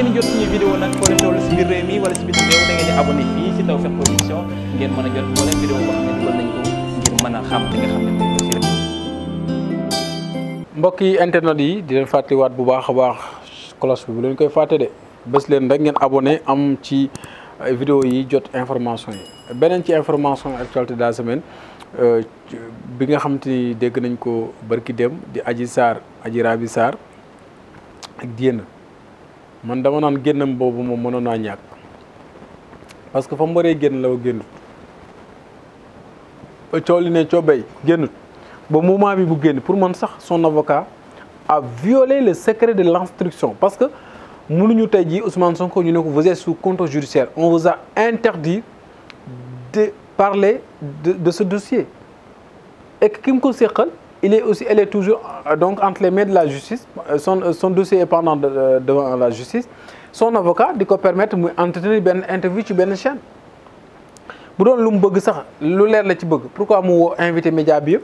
ngeen jot a jot moo leen vidéo mën a yi internet yi di leen fàttaliwaat bu baax a baax cloche bi bu koy fàtte de bés leen rek ngeen abonné am ci euh, vidéo yi jot information yi beneen ci information ak de la semaine. Euh, bi nga xam te ni dégg nañ ko barki dem di aji Sarr Adji Raby Sarr ak Diène man dama naan génnam boobu moom mënoon naa ñàkk parce que fa mu waree génn la génnut coow li ne coo bay génnut ba moment bi bu génn pour man sax son avocat a violer le secret de l'instruction parce que mënuñu tey jii Ousmane Sonko ñu ne ko vous su sous contrôle judiciaire on vous a interdit de parler de de ce dossier ek ki mu ko séqal il est aussi, elle est toujours euh, donc, entre les de la justice. Euh, son, euh, son dossier est pendant de, devant la justice. Son avocat di ko permettre muy entretenir benn interview ci benn chaine bu doon lu mu bëgg sax lu leer la ci bëgg pour ko mu woo invité média bi yëpp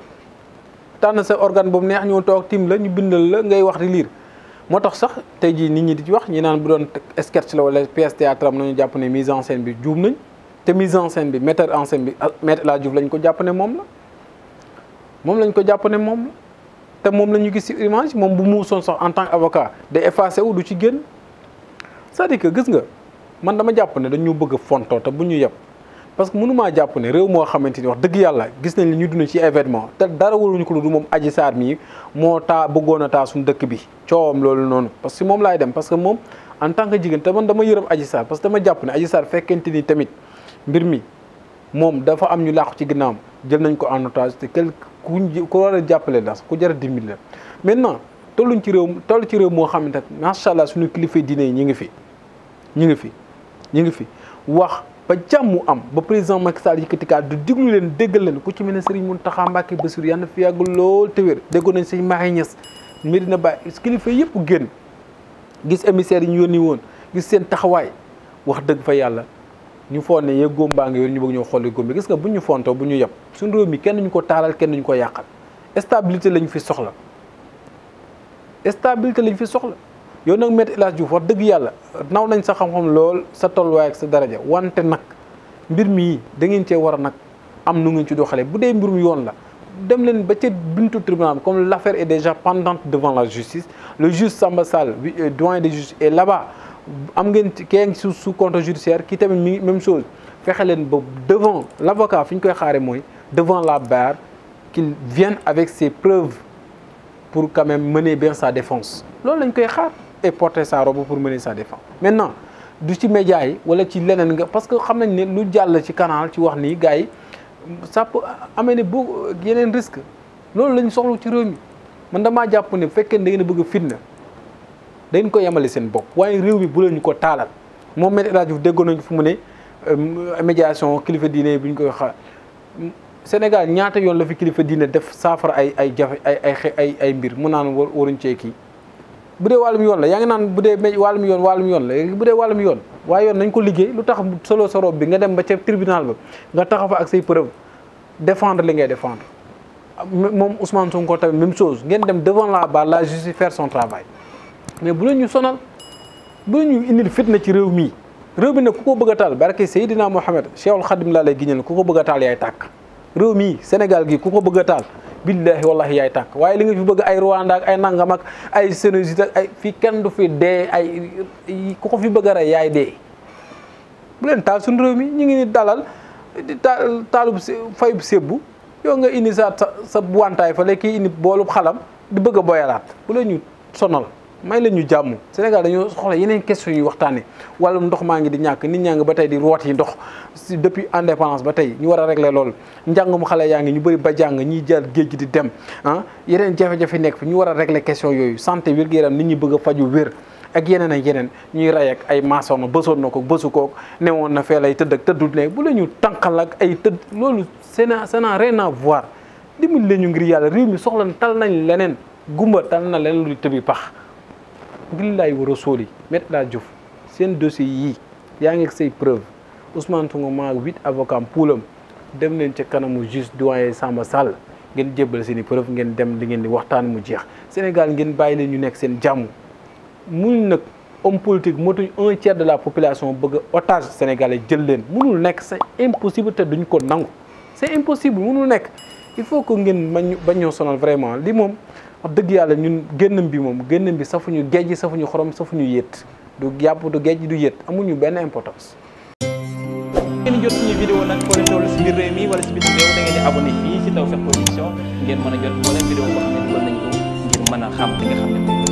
tànn sa organe boobu neex ñu toog tiim la ñu bindal la ngay wax di lire. moo tax sax tey jii nit ñi di ci wax ñi naan bu doon sketch la wala pièce théâtre am nañu jàpp ne mise en scène bi juum nañ te mise en scène bi metteur en scène bi ah, Maître El Hadji Diouf lañ ko jàpp ne moom moom lañ ko jàpp ne moom te moom la ñu gis ci image moom bu muusoon sax en tant qu'avocat day effacé wu du ci génn c'est-à-dire que gis nga man dama jàpp ne dañu bëgg fontoo te bu ñu yeb parce que mënumaa jàpp ne réew moo xamante ni wax dëgg yàlla gis nañ li ñu dund ci événement te dara waruñu ko lu du moom Adji Sarr mii moo taa bëggoon a taa dëkk bi coowam loolu noonu parce que moom laay dem parce que moom en tant que jigéen te man dama yërëm Adji Sarr parce que dama jàpp ne mbir mi moom dafa am ñu làqu ci ginnaawam jël nañ ko en otage te quelque ku ku war a jàppale la ku jar a dimbali la maintenant tolluñ ci réew toll ci réew moo xamante ne macha allah suñu kilifa diine yi ñu ngi fi ñu ngi fi ñu ngi fi wax ba jàmm am ba président Macky Sall yëkkati kàddu diglu leen déggal leen ku ci mel ne Serigne Mountakha Mbacké Bassirou yàlla na fi yàgg lool te wér déggoon nañ sëñ Mahi Niass Medina Baye kilifa yëpp génn gis émissaires yi ñu yónni woon gis seen taxawaay wax dëgg fa yàlla. ñu foon ne yeeg góom baa ngi yor ñu bëgg ñoo xolli góom bi gis nga bu ñu fontoo bu ñu yeb suñu réew mi kenn duñ ko taalal kenn duñ ko yàqal stabilité lañ fi soxla stabilité lañ fi soxla yow nag Maître El Hadji wax dëgg yàlla naw nañ sa xam-xam lool sa tolluwaay ak sa daraja wante nag mbir mii da ngeen cee war nag am nu ngeen ci doxalee bu dee mbirum yoon la dem leen ba ca buntu tribunal comme l'affaire et déjà pendante devant la justice le juge Samba Sall euh, doyen des juges est là-bas am ngeen kee ngi sous compte judiciaire ki tamit mi même chose fexe leen ba devant l' fi ñu koy xaare mooy devant la bar qu'il vienne avec ses preuves pour quand même mener bien sa défense loolu lañ koy xaar et porter sa robe pour mener sa défense maintenant du ci média yi wala ci leneen nga parce que xam nañ ne lu jàll ci canal ci wax nii gars yi ça peut amener bu yeneen risque loolu lañ soxlu ci réew mi man damaa jàpp ne bu fekkee da ngeen a bëgg fitna dañ ko yemale seen bopp waaye réew mi bu leen ñu ko taalal moom Me El Hadji déggoon nañu fu mu ne euh, médiation kilifa diine bi ñu koy xaar Sénégal ñaata yoon la fi kilifa diine def saafara ay ay jafe ay ay ay mbir mu naan waruñ cee kii bu dee wàllum yoon la yaa ngi naan bu dee wàllum yoon wàllum yoon la bu dee wàllum yoon waaye yoon nañ ko liggéey lu tax solo sa robe bi nga dem ba ca tribunal ba nga taxaw fa ak say preuve défendre li ngay défendre moom Ousmane Sonko tamit même chose ngeen dem devant la barre la justice faire mais bu leen ñu sonal bu leen ñu indil fitna ci réew mii réew mi ne ku ko bëgg a taal barke Seydina Mohamed Cheikhul Khadim laa lay giñal ku ko bëgg taal tàkk réew mii Sénégal gi ku ko bëgg a taal billaahi wallahi yaay tàkk waaye li nga fi bëgg ay Rwanda ak ay nangam ay Sénégal ak ay fii kenn du fi dee ay ku ko fi bëgg a rey yaay dee bu leen taal suñu réew mi ñu ngi ni dalal di taal taalub fayub sebbu yow nga indi sa sa wantaay fa la kii indi boolub xalam di bëgg a boyalaat bu leen ñu sonal may la ñu jàmm Sénégal dañoo soxla yeneen question yu waxtaanee wàllum ndox maa ngi di ñàkk nit ñaa ba tey di root yi ndox si depuis indépendance ba tey ñu war a régler loolu njàngum xale yaa ngi ñu bëri ba jàng ñiy jaar géej gi di dem ah yeneen jafe-jafe nekk fi ñu war a régler question yooyu santé wér-gu-yaram nit ñi bëgg a faju wér ak yeneen ak yeneen ñuy rey ak ay maçon ma bësoon na ko bësu koog newoon na fee lay tëdd ak tëddu ne bu la ñu tànqal ak ay tëdd loolu c'est ça n'a rien voir dimbali la ñu ngir yàlla réew mi soxla tal nañ leneen gumba tal na leneen lu tëbi pax ngir laay war a sóoli Maître El seen dossier yii yaa ngi say preuve Ousmane Sonko maa huit avocat poulam dem leen ca kanamu juge doyen Samba Sall ngeen jébbal seen i preuve ngeen dem li ngeen di waxtaan mu jeex Sénégal ngeen bàyyi leen ñu nekk seen jàmm muñ nag homme politique motuñ un tiers de la population bëgg a otage sénégalais jël leen mënul nekk c'est impossible te duñ ko nangu c'est impossible mënul nekk il faut que ngeen mañ bañ ñoo sonal vraiment lii moom wax dëgg yàlla ñun génnam bi moom génnam bi safuñu géej safuñu xorom safuñu yéet du yàpp du géej du yéet amuñu benn importance. ngeen jot suñu vidéo nag foo leen toll si biir réew mi wala si biir réew ngeen di abonné fii si Tawfekh Production ngeen mën a jot ngir mën a xam li nga xam